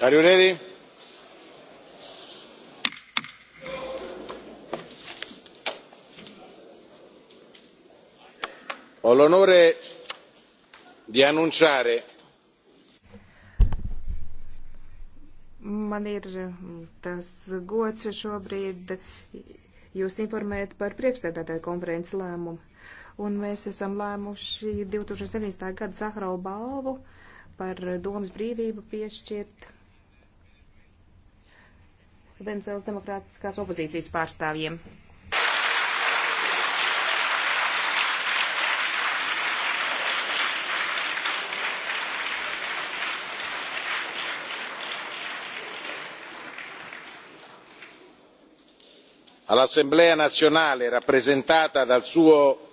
Are you ready? Ho l'onore di annunciare. Man ir mm, tas gods šobrīd jūs informēt par priekšsēdētāju konferences lēmumu. Un mēs esam lēmuši 2017. gada Zahrau balvu par domas brīvību piešķirt Venezuelas demokrātiskās opozīcijas pārstāvjiem. all'assemblea nazionale rappresentata dal suo